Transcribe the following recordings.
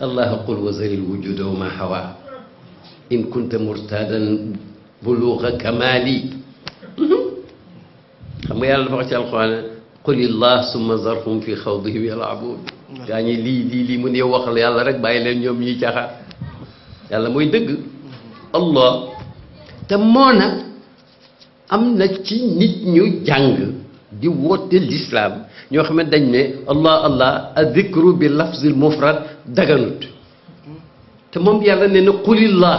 allah qul wasaril wujuda wa ma hawa in kunta murtadan buluga kamali xam nga yàlla dafa wax ci alquran qulillah summa zarhum fi xawdihim yalabuun gaa ñi lii lii lii mun yow waxal yàlla rek bàyyi leen ñoom ñuy caaxaan yàlla mooy dëgg allah te moo na am na ci nit ñu jàng di woote l'islam ñoo xam dañ ne allah allah adikru bi lafzil mufrad daganut te moom yàlla ne na qulillah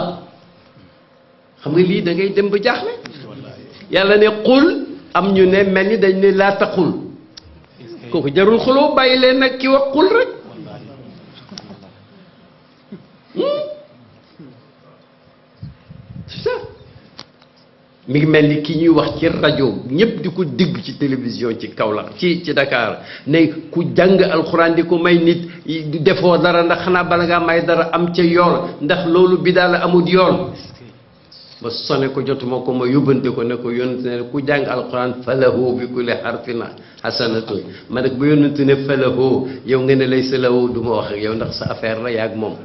xam nga lii da dem ba jaaxle yàlla ne qul am ñu ne mel ni dañ ne laa taqul kooku jarul xuloo bàyyi leen nag ki wax qul rek mi ngi mel ni ki ñuy wax ci rajo ñëpp di ko digg ci télévision ci Kaolack ci ci Dakar ne ku jàng alxuraan di ko may nit defoo dara ndax xanaa bala ngaa may dara am ca yool ndax loolu bi daal amut yoon ba sone ko jotuma ko ma yóbbante ko ne ko yónnante ne ku jàng alxuraan falahu bi kulli harfin hasanatun ma nag bu yónnante ne falahu yow nga ne lay salahu du wax ak yow ndax sa affaire la yaag moom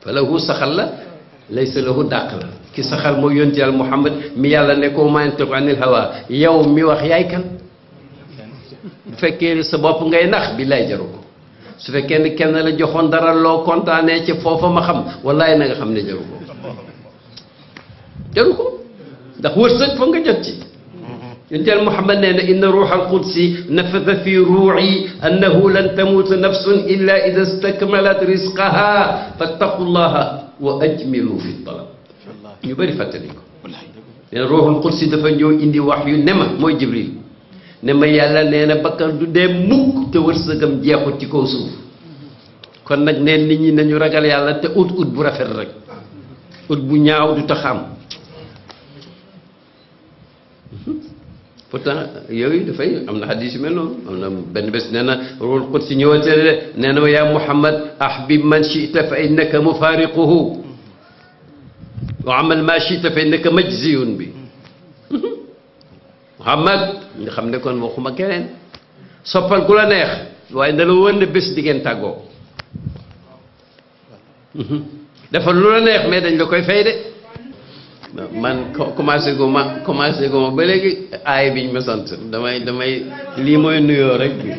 falahu saxal la laysa lahu dàq la ki saxal mooy yonti yàlla Muhammad mi yàlla ne ko maa yantiqu anil hawa yow mi wax yaay kan bu fekkee sa bopp ngay nax bi lay jaru ko su fekkee ne kenn la joxoon dara loo kontaanee ci foofa ma xam wallaay na nga xam ne jaru ko jaru ko ndax wërsëg nga jot ci yonent Muhammad nee na inna ruuxal qudsi nafata fi ruuxi annahu lan tamuuta nafsun illa ida stakmalat risqaha fattaqullaha wa ajmilu fi talab ñu bëri fàttali ko nee na ruuxul dafa ñëw indi wax yu ne mooy Jibril ne ma yàlla nee na bakkan du dee mukk te wërsëgam jeexut ci kaw suuf kon nag neen nit ñi nañu ragal yàlla te ut ut bu rafet rek ut bu ñaaw du tax pourtant yooyu dafay am na xadis yu mel noonu am na benn bés nee na ruul qudsi ñëwal te de nee na ma yaa Muhammad ahbib man chita fa innaka mufaariquhu wa amal ma chita fa innaka majziyun bi Muhammad nga xam ne kon waxuma keneen soppal ku la neex waaye na la wër ne bés di ngeen tàggoo dafa lu la neex mais dañ la koy fay de man ko commencé gu ma commencé gu ma ba léegi aay biñ ma sant damay damay lii mooy nuyoo rek bi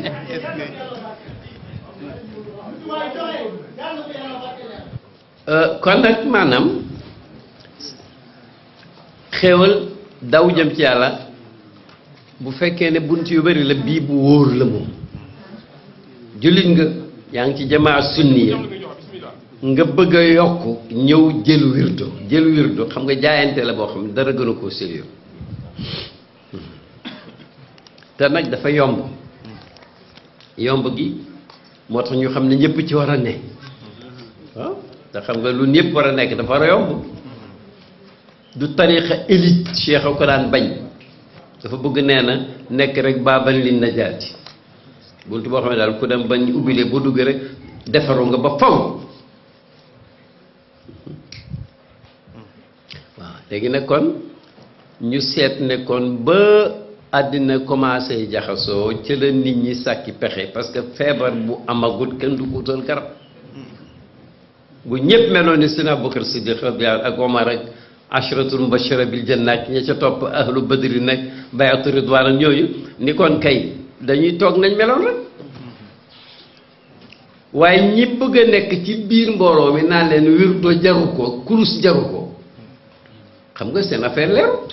euh, kon nag maanaam xéewal daw jëm ci yàlla bu fekkee ne bunt yu bari la bii bu wóor la moom jullit nga yaa ngi ci jamaa sunniya nga bëgg a yokk ñëw jël wirdo jël wirdo xam nga jaayante la boo xam ne dara gën a koo sérieux te nag dafa yomb yomb gi moo tax ñu xam ne ñépp ci war a ne ah, te xam nga lu ñëpp war a nekk dafa war a yomb du tariqa élite cheikh a ko daan bañ dafa bëgg nee na nekk rek baaban li najaati buntu boo xam ne daal ku dem bañ ubbilee bu dugg rek defaru nga ba faw léegi nag kon ñu seet ne kon ba àddina commencé jaxasoo ci nit ñi sàkki pexe parce que feebar bu amagut kenn du ko utal garab bu ñëpp meloon ni sina Abubakar Siddiq radiyallahu ak Omar ak ashratul mubashara bil ña ca topp ahlu badri nag bayatu ridwaan ñooyu ni kon kay dañuy toog nañ meloon rek waaye ñi bëgg a nekk ci biir mbooloo mi naan leen wirdo jaru ko kurus jaru ko xam nga seen affaire leerut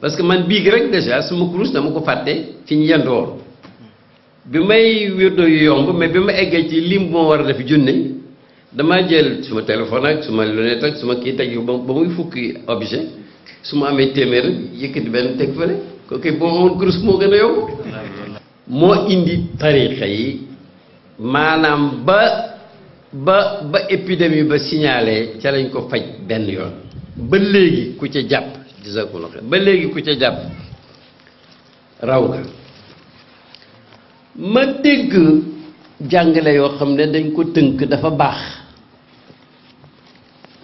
parce que man biig rek déjà suma kurus dama ko fàtte fi ñu yendoon bi may wirdo yu yomb mais bi ma eggee ci lim bu ma war a def junne damaa jël suma téléphone ak ma lunette ak suma kii teg ba muy fukki objet su ma amee téeméer yëkkati benn teg fële kooku boo amoon kurus moo gën a yomb moo indi tarixa yi maanaam ba ba ba épidémie ba signalé ca lañ ko faj benn yoon ba léegi ku ca jàpp jazakumullahu xayran ba léegi ku ca jàpp raw nga ma dégg jàngale yoo xam ne dañ ko tënk dafa baax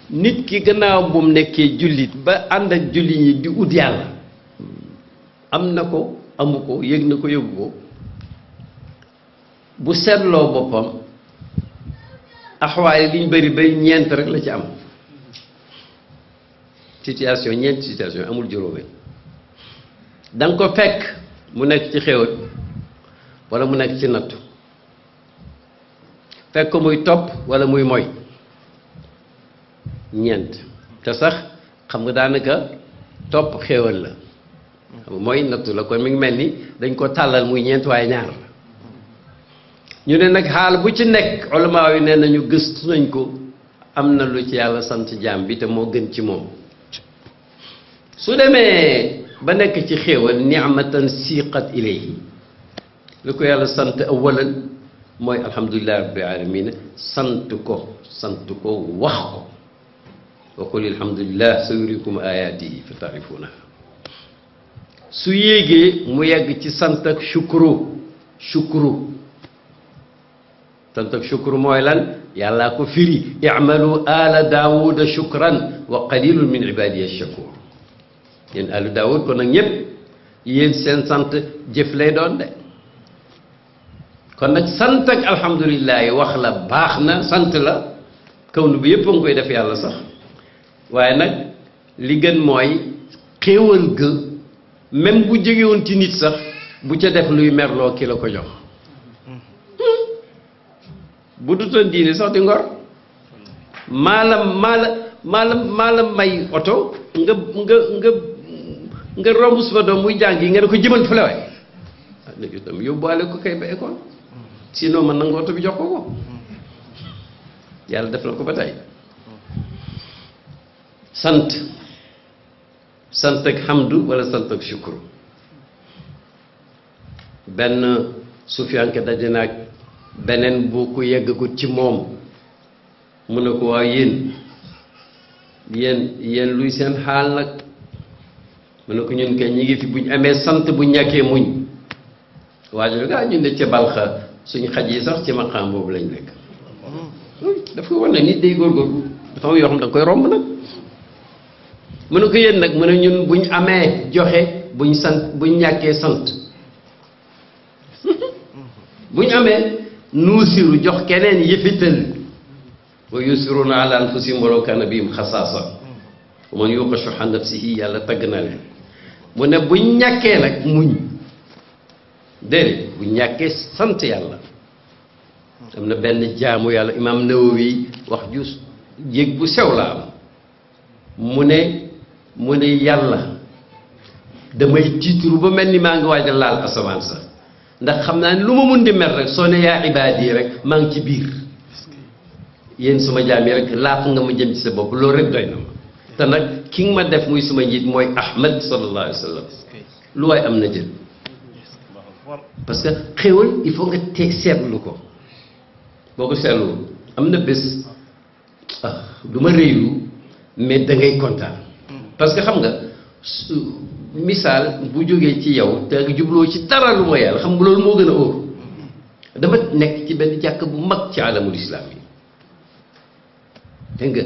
nit ki gannaaw bu mu nekkee jullit ba àndak ak jullit ñi di ut yàlla am na ko amu ko yëg na ko yëgu ko bu seetloo boppam axawaay liñ bari bay ñeent rek la ci am situation ñeenti situation amul juróomeel danga ko fekk mu nekk ci xéwal wala mu nekk ci nattu fekk ko muy topp walla muy moy ñeent te sax xam nga daanaka topp xéwal la xam mooy nattu la kon mi ngi mel ni dañ ko tàllal muy ñeent waaye ñaar la ñu ne nag xaal bu ci nekk ulamaa yi nee nañu gëstu nañ ko am na lu ci yàlla sant jaam bi te moo gën ci moom su demee ba nekk ci xéewal nicmatan siqat ilayhi lu ko yàlla sant awalan mooy alhamdulilahi rabbil alamina sant ko sant ko wax ko wa qul alhamdulilah sa yurikum ayatihi fa tarifunaha su yéegee mu yegg ci sant ak shukru shukru sant ak shukru mooy lan yàllaa ko firi icmalu ala daawuda shukran wa qalilun min ibadiya shakur yéen alu daawud kon nag ñëpp yéen seen sant jëf lay doon de kon nag sant ak alhamdulilah wax la baax na sant la kaw nu bi yëpp nga koy def yàlla sax waaye nag li gën mooy xéewal ga même bu jógewoon ci nit sax bu ca def luy merloo ki la ko jox bu dutoon diine sax ngor maalam maalam maalam may oto nga nga nga nga romb su doom muy jàng yi nga ne ko jëman fële waay ah léegi ko kay ba école sinon man nangu oto bi jox ko ko yàlla def na ko ba tey sant sant ak hamdu wala sant ak shukru benn sufiyanke daje naag beneen bu ku yeggagut ci moom mu ne ko waaw yéen yéen yéen luy seen xaal nag mu ne ko ñun kay ñi ngi buñ amee sant bu ñàkkee muñ waajur gaa ñun de balxa suñ xaj yi sax ci maqaam boobu lañ nekk daf koy wan ne nit day góorgóorlu dafa am yoo xam da nga koy romb nag mu ne ko yéen nag mu ne ñun buñ amee joxe buñ sant buñ ñàkkee sant buñ amee nuusiru jox keneen yëfital wa yusiruuna ala anfusihim walaw kaana bihim xasaasa wa man yuuqa shuhha nafsihi yàlla tagg na leen mu ne bu ñàkkee nag muñ déedéet bu ñàkkee sant yàlla am na benn jaamu yàlla imaam Nawawi wax ju yéeg bu sew la mu ne mu ne yàlla damay tiitru ba mel ni maa ngi waaj a laal asamaan sax ndax xam naa ni lu ma mun di mel rek soo ne yaa ibaad yi rek maa ngi ci biir yéen sama jaam yi rek laaf nga ma jëm ci sa bopp loolu rek doy na ma te nag ki ma def muy sama njiit mooy Ahmed sallallahu alayhi am na jël parce que xéwal il faut nga te seetlu ko boo ko seetlu am na bés ah du ma mais da kontaan parce que xam nga su misaal bu jógee ci yow te jubloo ci dara lu ma yàlla xam nga loolu moo gën a óor dama nekk ci benn jàkk bu mag ci alamul islam yi nga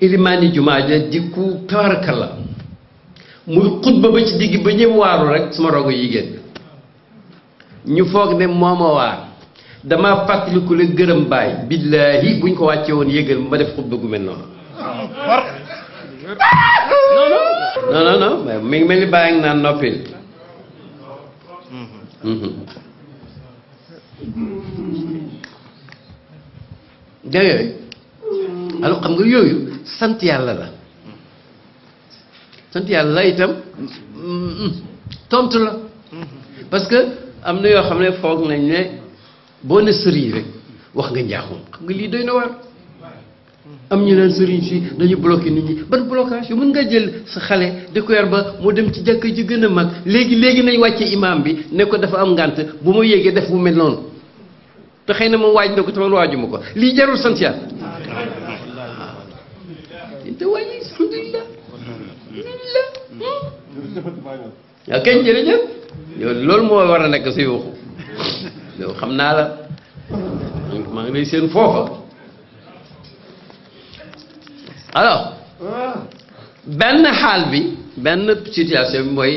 ilimaani jumaa ja di ku tabarakalla muy xutba ba ci digg ba ñëpp waaru rek sama rogo yi génn ñu foog ne mooma waar dama fàttaliku gërëm baay billaahi buñ ko wàcce woon yëgal ma def xutba gu mel noonu non non mel ni bàyyi naan noppil mhm. dégg yooyu sant yàlla la sant yàlla la itam tontu la parce que am na yoo xam ne foog nañ ne boo ne sëriñ rek wax nga njaaxum xam nga lii doy na waar am ñu leen sëriñ si dañu bloqué nit ñi ban blocage yu mën nga jël sa xale di ko ba mu dem ci jàkka ji gën a mag léegi léegi nañ wàcce imam bi ne ko dafa am ngànt bu ma yéegee def bu mel noonu te xëy na moom waaj na ko te man waaju ko lii jarul sant yàlla te wàññi alhamdulilah alhamdulilah kenn jërëjëf loolu moo war a nekk si waxu yow xam naa la maa ngi lay seen foofa alors benn xaal bi benn situation bi mooy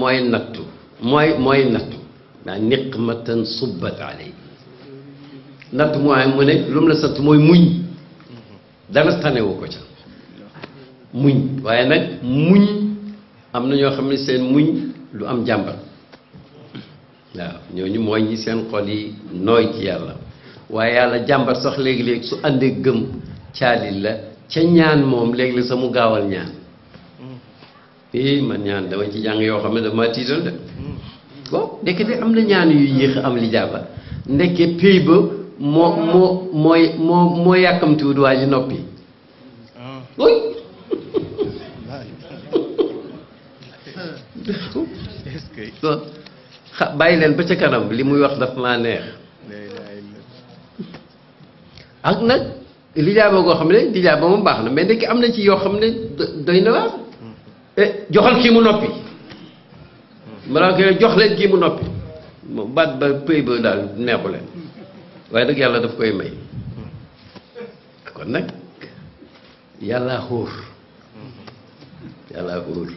mooy nattu mooy mooy nattu daa niqmatan subbat alay natt mooy mu ne lu mu la sant mooy muñ dara tànnewu ko ca muñ waaye nag muñ am na ñoo xam ne seen muñ lu am jàmbat waaw ñooñu mooy ñi seen xol yi nooy ci yàlla waaye yàlla jàmbat sax léegi-léegi su àndee gëm caalil la ca ñaan moom léegi-léeg sax mu gaawal ñaan i man ñaan dama ci jàng yoo xam ne ma tiitoon de ko ndekete am na ñaan yu yéex am li jàmba ndekke pay ba moo moo mooy moo moo yàkkamtiwut waa ji noppi so xa bàyyi leen ba ca kanam li muy wax daf maa neex ak nag lijaaba goo xam ne lijaaba moom baax na mais ndekki am na ci yoo xam ne doy na waar eh, joxal kii mu noppi maanaam eh, jox leen kii mu noppi moom baat ba pëy ba daal neexu waaye nag yàlla daf koy may kon nag yàllaa xóor yàllaa xóor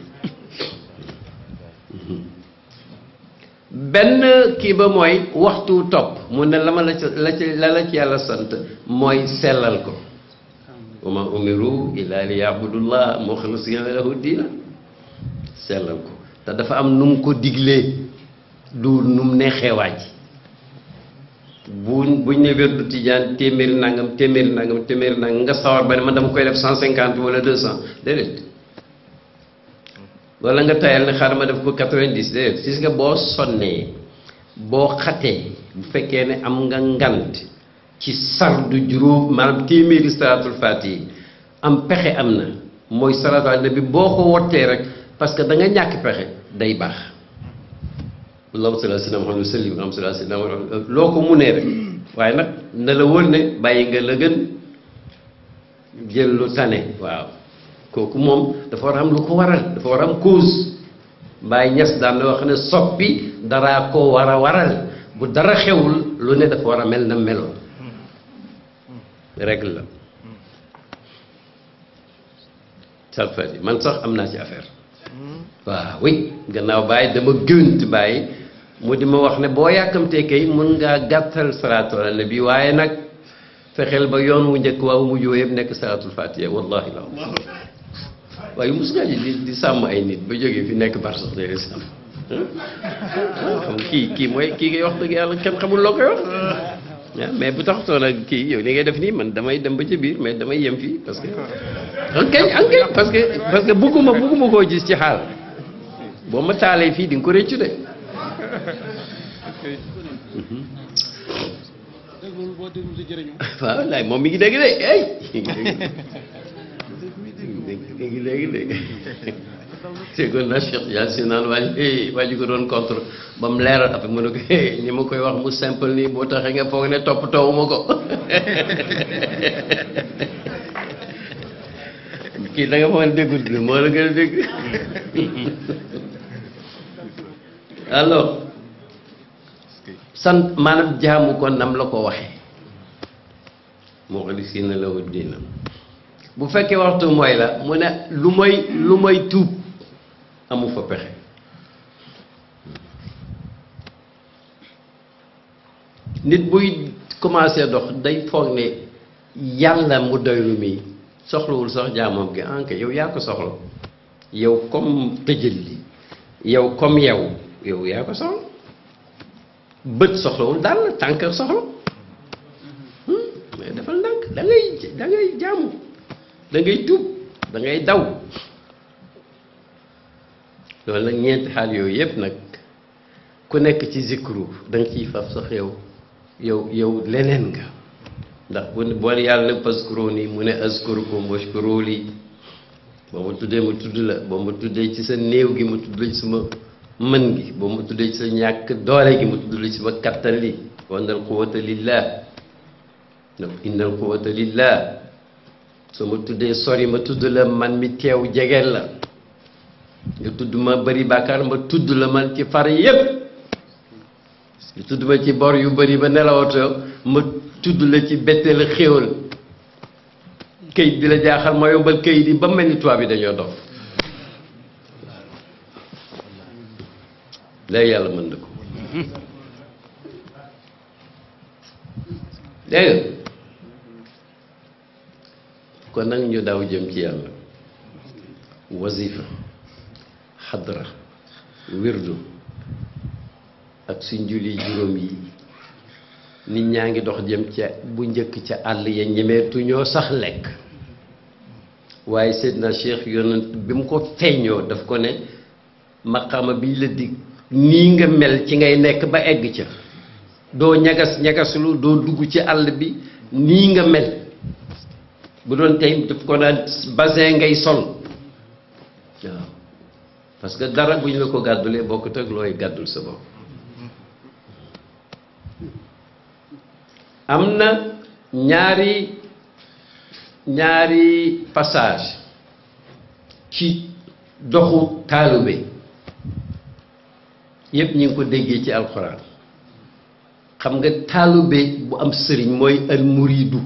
benn kii ba mooy waxtu topp mu ne la ma la ca la ca la la ci yàlla sant mooy sellal ko wa ma umiru illa li yaabudullah muxlisina lahu diina sellal ko te dafa am nu mu ko diglee du nu mu neexee waaj bu buñ ne wérdu tijaan téeméeri nangam téeméeri nangam téeméeri nangam nga sawar ba ne man dama koy def cent cinquante wala deux cent déedéet wala nga tayal ne xaaral ma def ko quatre-vingt-dix déedéet gis nga boo sonnee boo xatee bu fekkee ne am nga ngant ci sardu juróom maanaam téeméeri salaatul yi am pexe am na mooy salaatu bi boo ko wottee rek parce que da nga ñàkk pexe day baax allahumma salli ala sayyidina loo ko munee rek waaye nag na la wóor ne bàyyi nga la gën jël lu tane waaw kooku moom dafa war am lu ko waral dafa war a am cause Baay Ñas daan na wax ne soppi daraa ko war a waral bu dara xewul lu ne dafa war a mel na melo règle la salfati man sax am naa ci affaire waaw gannaaw Baay dama gënt Baay mu di ma wax ne boo yàkkamtee kay mun ngaa gàttal salaatu ala nabi waaye nag fexeel ba yoon wu njëkk waaw mujj yëpp nekk salaatul fatiha wallahi la waaye mos ngaa di sàmm ay nit ba jógee fi nekk bar sax sàmm xam kii kii mooy kii ngay wax dëgg yàlla kenn xamul loo koy wax ah, mais bu taxutoon ak kii yow li ngay def nii man damay dem ba ci mais damay yem fii parce que ah, ah, parce que parce que bugguma bugguma koo jis ci xaal boo ma taalee fii dinga ko réccu de waaw laay moom mi ngi dégg de ay léegi léegi léegi tegoon naa Cheikh Yacine naan waay eh, waa ji ko doon contre ba mu leeral après mu ne ko eh, ni ma koy wax mu simple nii boo taxee nga foog ne toppatoo ma ko kii da nga foog ne déggul bi moo la gën a dégg alors sant maanaam jaamu ko nam la ko waxee muxlisiina lahu diinam bu fekkee waxtu mooy la mu ne lu may lu may tuub amu fa pexe nit buy commencé dox day foog ne yàlla mu doylu mi soxlawul sax jaamoom gi anka ah, yow yaa ko soxla yow comme tëjël li yow comme yow yow yaa ko soxla bët soxlawul daal tànk soxla hmm, mais defal ndànk da ngay jaamu da ngay tuub daw loolu nag ñeenti xaal yooyu yépp nag ku nekk ci zikru da nga ciy faf sax yow yow yow leneen nga ndax bu boole yàlla ne paskuro nii mu ne askurukum washkuru lii boo ma tuddee mu tudd la boo ma tuddee ci sa néew gi mu tudd la ci sama mën gi boo ma tuddee ci sa ñàkk doole gi ma tudd la ci sama kattan li wa al quwata lillah donc inna al quwata lillah su ma tuddee sori ma tudd la man mi teew jegeen la nga tudd ma bari bàkkaar ma tudd la man ci far yépp tudd ma ci bor yu bari ba nelawatoo ma tudd la ci bette la xéewal këyit di la jaaxal ma yombal këyit yi ba mel ni tubaab yi dañoo dof léegi yàlla mën na ko kon nag ñu daw jëm ci yàlla wazifa xadra wirdu ak suñ julli juróom yi nit ñaa ngi dox jëm ca bu njëkk ca àll ya ñemeetu ñoo sax lekk waaye Seydina Cheikh yonent bi mu ko feeñoo daf ko ne maqaama biñ la dig nii nga mel ci ngay nekk ba egg ca doo ñagas ñagaslu doo dugg ci àll bi nii nga mel bu doon tey daf ko daan basin ngay sol waaw parce que dara bu ñu la ko gàddulee bokkut ak looy gàddul sa bopp am na ñaari ñaari passage ci doxu taalube yépp ñu ngi ko déggee ci alxuraan xam nga taalube bu am sëriñ mooy al muridu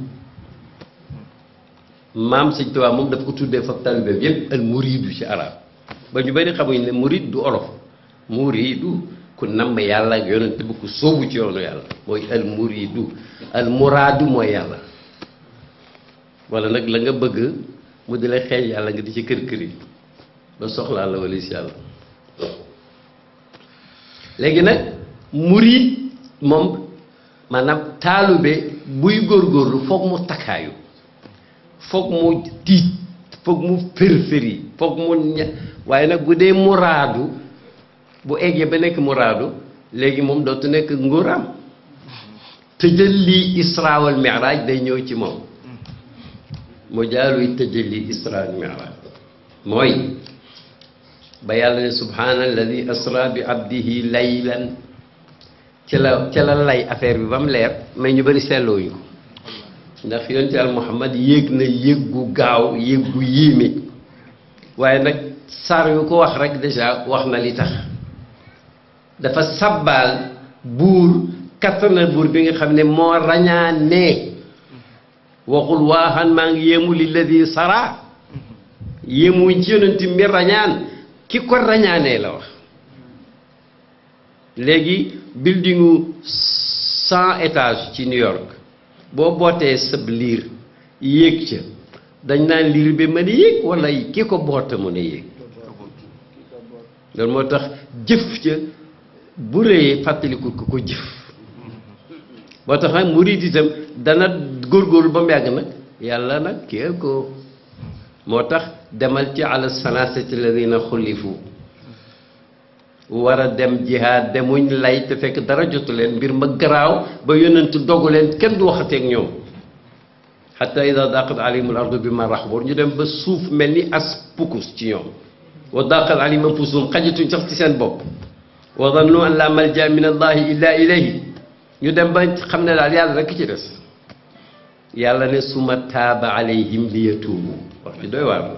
maam sëñ Tuubaa moom dafa ko tuddee fab taalibeem yëpp al muriidu ci arab ba ñu bari xamuñ ne muriid du olof muriidu ku namm yàlla ak yonent bi ku ci yoonu yàlla mooy al muriidu al muraadu mooy yàlla wala nag la nga bëgg mu di la yàlla di ci kër kër yi ba soxlaa la wala yàlla léegi nag muriid moom maanaam taalibe buy góor góorgóorlu foog mu takkaayu foog mu tiit foog mu fërfëri foog mu ña waaye nag bu dee muraadu bu eggee ba nekk muraadu léegi moom dootu nekk nguuram tëjalli isra wal miraaj day ñëw ci moom mu jaaluy tëjalli isra wal miraaj mooy ba yàlla ne subhaana alladi asra bi abdihi laylan ci la ci la lay affaire bi ba mu leer mais ñu bëri seetloo ñu ndax yonent yàlla Muhammad yéeg na yéeg gaaw yéeg gu waaye nag saar yu ko wax rek déjà wax na li tax dafa sabbaal buur kattana buur bi nga xam ne moo rañaanee waxul waaxan maa ngi yéemu lilladi sara yéemu ci yonent mi rañaan ki ko rañaanee la wax léegi buildingu cent étages ci New York boo bootee sëb liir yéeg ca dañ naan liir bi mën a yéeg wala ki ko boota mën a yéeg loolu moo tax jëf ca bu rëyee fàttaliku ko ko jëf boo tax nag murid itam dana góorgóorlu ba mu nag yàlla nag kii moo tax demal ci ala salaasati alladina xulifu war a dem jihaad demuñ lay te fekk dara jotu leen mbir ma garaaw ba yonent dogu leen kenn du waxateeg ñoom xatta ida daqat alayhim al ardu bi ma raxbor ñu dem ba suuf mel ni as pukus ci ñoom wa daqat alayhim anfusum xajatuñ sax ci seen bopp wa dannu an la malja min allahi illa ilayhi ñu dem ba xam ne daal yàlla rekk ci des yàlla ne suma taaba alayhim la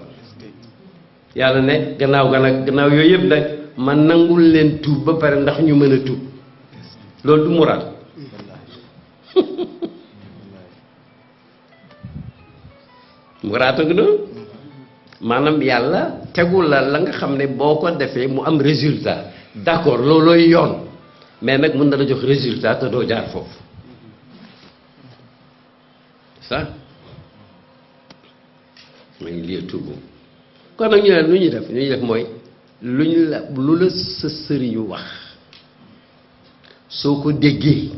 yàlla ne gannaaw ga nag gannaaw yooyu yëpp nag man nangul leen tuub ba pare ndax ñu mën a tub loolu du moral moraata nga noonu maanaam yàlla tegul la la nga xam ne boo ko defee mu am résultat d'accord loolooy yoon mais nag mën na la jox résultat te doo jaar foofu sax ma ngi lii tuubu kon nag ñu ne lu ñuy def lu ñuy def mooy luñ la lu la sa sëriñu wax soo ko déggee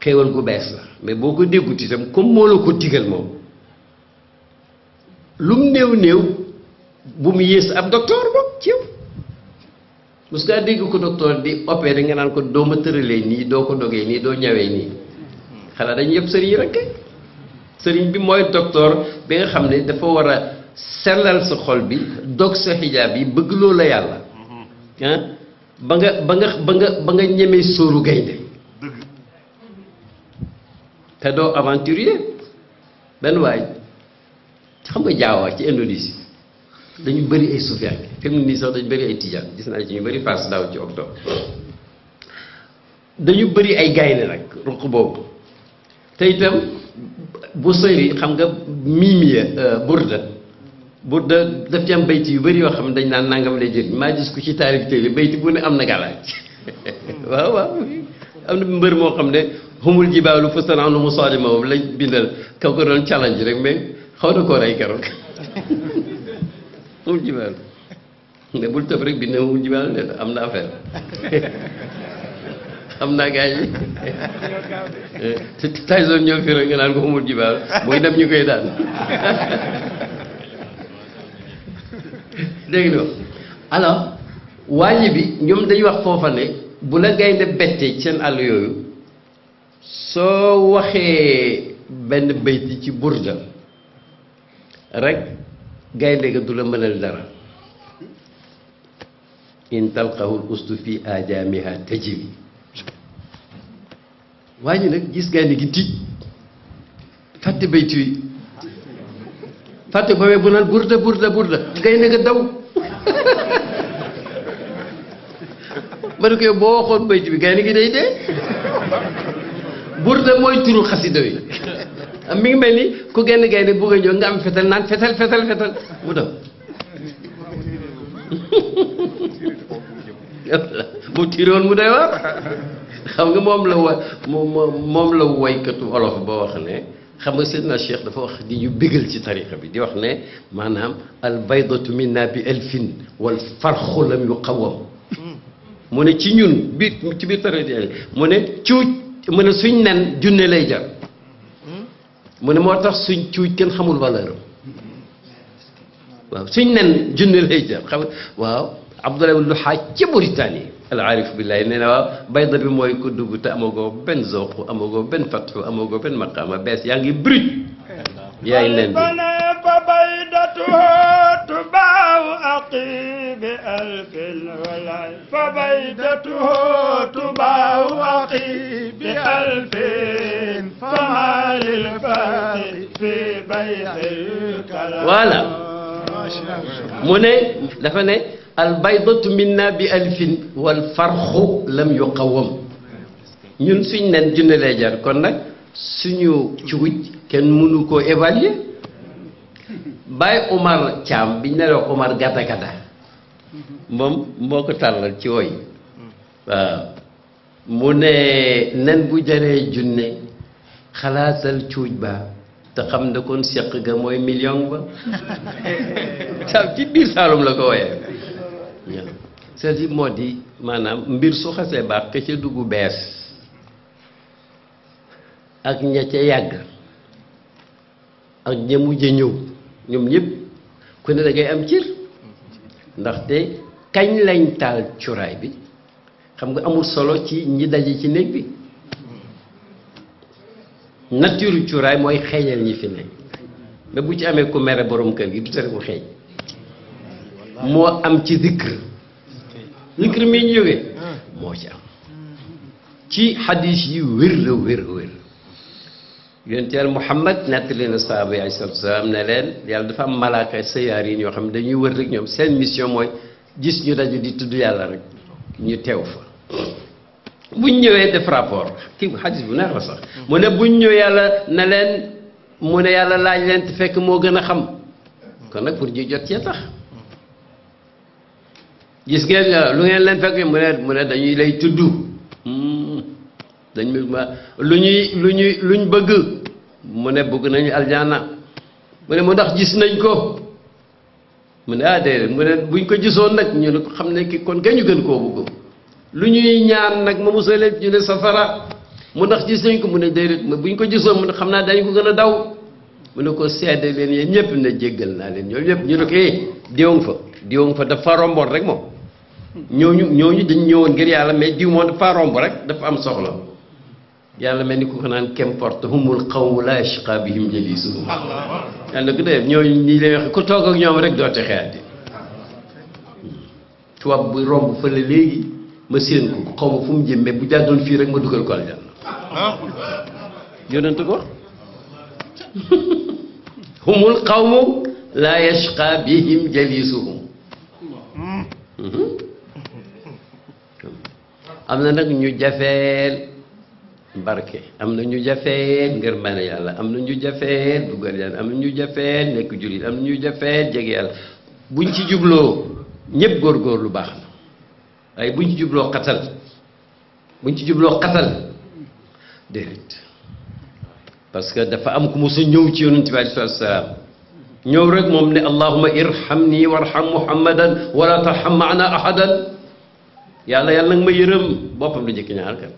xéewal gu bees la mais boo ko déggut itam comme moo la ko digal moom lu mu néew néew bu mu yées ab docteur moom ci yow parce que dégg ko docteur di opéré nga naan ko doo ma tëralee nii doo ko dogee nii doo ñawee nii xanaa dañ yëpp sëriñ rek sëriñ bi mooy docteur bi nga xam ne dafa war a sellal sa xol bi dog sa xijaab yi bëgg loo la yàlla mm-hmm. ah ba nga ba nga ba nga ba nga ñemee sóoru gaynde te doo aventurier benn waay xam nga jaawaa ci Indonésie dañu bëri ay soufiane fi mu nii sax dañu bëri ay tijaan gis naa ci ñu bëri pass daaw ci octobre dañu bëri ay gaynde nag ruq boobu te itam bu sori xam nga miimiya euh, burda bu da daf ci am bayti yu bëri yoo xam ne dañ naan nangam lay jëriñ ma gis ku ci taarif tey bayti bu ne am na gàllaaj hmm. waaw waaw am na mbër moo xam ne xumul jibaalu fëstan am na mu soodi moom lañ bindal kaw ko doon challenge rek mais xaw na koo rey keroog xumul jibaalu ne bul am na affaire am naa gars yi Tyson ñëw fi rek nga naan ko xumul jibaalu mooy dem ñu koy daan dégg nga alors wàññi bi ñoom dañuy wax foofa ne bu la gaynde bettee seen àll yooyu soo waxee benn bayti ci burda rekk gaynde ga du la mënal dara in talqahul ustu fi ajaamiha tajri waa ñu nag gis gaynde gi tiit fàtte bayti yi fàtte boobee bu naan burda burda burda gaynde ga daw ma ne ko boo waxoon bayt bi gaynde gi day dee burda mooy turu xasida yi mi ngi mel ni ku genn gaynde bëgg a nga am fetal naan fetal fetal mu daw bu tiroon mu doy waar xam nga moom la wa moom la woykatu olof ba wax ne xam nga Seydina Cheikh dafa wax di ñu bégal ci tariqa bi di wax ne maanaam al baydatu minna bi elfin wal farxu lam yu qawam hmm. mu ne ci ñun biir ci biir tariqa mu ne cuuj mu ne suñ nen junne lay jar hmm. mu ne moo tax suñ cuuj kenn xamul valeur am waaw suñ nen junne lay jar xam waaw xaaj ci Mauritanie al aarif billahi nee na waaw bayda bi mooy ku dugg te amagoo benn zooq amagoo benn fatxu amagoo benn maqaama bees yaa ngi brut yaay leen bi fa baydatuha tubaaw aqibi alfin walay fa baydatuha tubaaw aqibi alfin fa maalil faari fi baytil kalam voilà mu ne dafa ne albaydatu minna bi alfin wal farxu lam yuqawam ñun suñ nen junne lay jar kon nag suñu cuuj kenn mënu koo évaluer Baye Omar Thiam biñ ne la Omar gata gata moom moo ko tàllal ci woy waaw mu ne nen bu jaree junne xalaatal cuuj ba te xam ne kon seq ga mooy million ba sa ci biir saalum la ko woyee cest à moo di maanaam mbir su xasee baax ka ca dugg bees ak ña ca yàgg ak ña mujj ñëw ñoom ñëpp ku ne da ngay am cir ndaxte kañ lañ taal cuuraay bi xam nga amul solo ci ñi daje ci néeg bi nature cuuraay mooy xeeñal ñi fi ne ba bu ci amee ku mere borom kër gi du tere mu xeeñ moo am ci zikr zikr mi ñu jógee moo ci am ci xadis yi wér la wér wér yonent yàlla Muhammad nettali na saaba yi alayhi salaatu wasalaam ne leen yàlla dafa am malaaka sayaar yi ñoo xam ne dañuy wër rek ñoom seen mission mooy gis ñu daju di tudd yàlla rek ñu teew fa buñ ñëwee def rapport kii xadis bu neex la sax mu ne buñ ñëw yàlla ne leen mu ne yàlla laaj leen te fekk moo gën a xam kon nag pour ñu jot cee tax gis ngeen lu ngeen leen fekk mu ne dañuy lay tudd hmm. dañ ma lu ñuy lu ñu luñ bëgg mu ne bëgg nañu aljaana mu ne mu ndax gis nañ ko mu ne ah déedéet mu ne buñ ko gisoon nag ñu ne xam ne ki kon gañu gën koo bëgg lu ñuy ñaan nag ma musalee ñu safara mu ndax gis nañ ko mu ne déedéet mu buñ ko gisoon mu ne xam naa dañ ko gën a daw mu ne ko seede leen yéen ñëpp ne jéggal naa leen ñoom ñëpp ñu ne ko eh diwoon fa fa dafa rek moom ñooñu ñooñu dañ ñëwoon ngir yàlla mais diw moom dafa romb rek dafa am soxla yàlla mel ni ku ko naan qu'importe humul qawmu laa yashqa bihim jalisuhum yàlla ko def ñooñu ñi lay ku toog ak ñoom rek doo texee àddina tubaab bu romb fële léegi ma séen ko xaw ma fu mu jëm bu jàddoon fii rek ma dugal ko aljanna ah. yonent ko humul qawmu laa yashqa bihim jalisuhum mhm. am na nag ñu jafeel barke am na ñu jafeel ngir mane yàlla am na ñu jafeel dugal yàlla am na ñu jafeel nekk jullit am na ñu jafeel jege yàlla buñ ci jubloo ñëpp lu baax waaye buñ ci jubloo xatal buñ ci jubloo xatal déedéet parce que dafa am ku mos a ñëw ci yonent bi aleyhi salaatu salaam ñëw rek moom ne allahuma irhamni warham muhammadan wala tarham maana ahadan yàlla yàlla nag ma yërëm boppam lu njëkk ñaar kat